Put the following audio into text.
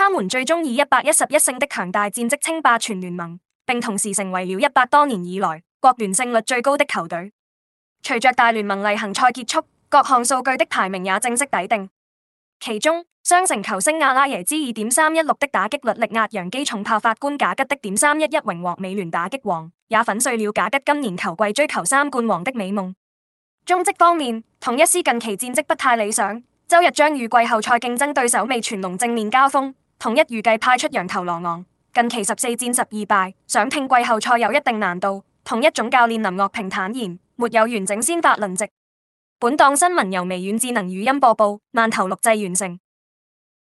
他們最終以一百一十一勝的強大戰績稱霸全聯盟，並同時成為了一百多年以來國聯勝率最高的球隊。隨着大聯盟例行賽結束，各項數據的排名也正式抵定。其中，雙城球星阿拉耶茲二點三一六的打擊率力壓洋基重炮法官賈吉的點三一一，榮獲美聯打擊王，也粉碎了賈吉今年球季追求三冠王的美夢。中職方面，統一獅近期戰績不太理想，周日將與季後賽競爭對手味全龍正面交鋒。統一預計派出羊頭羅昂，近期十四戰十二敗，想拼季後賽有一定難度。統一總教練林岳平坦言，沒有完整先發輪值。本檔新聞由微軟智能語音播報，慢頭錄製完成。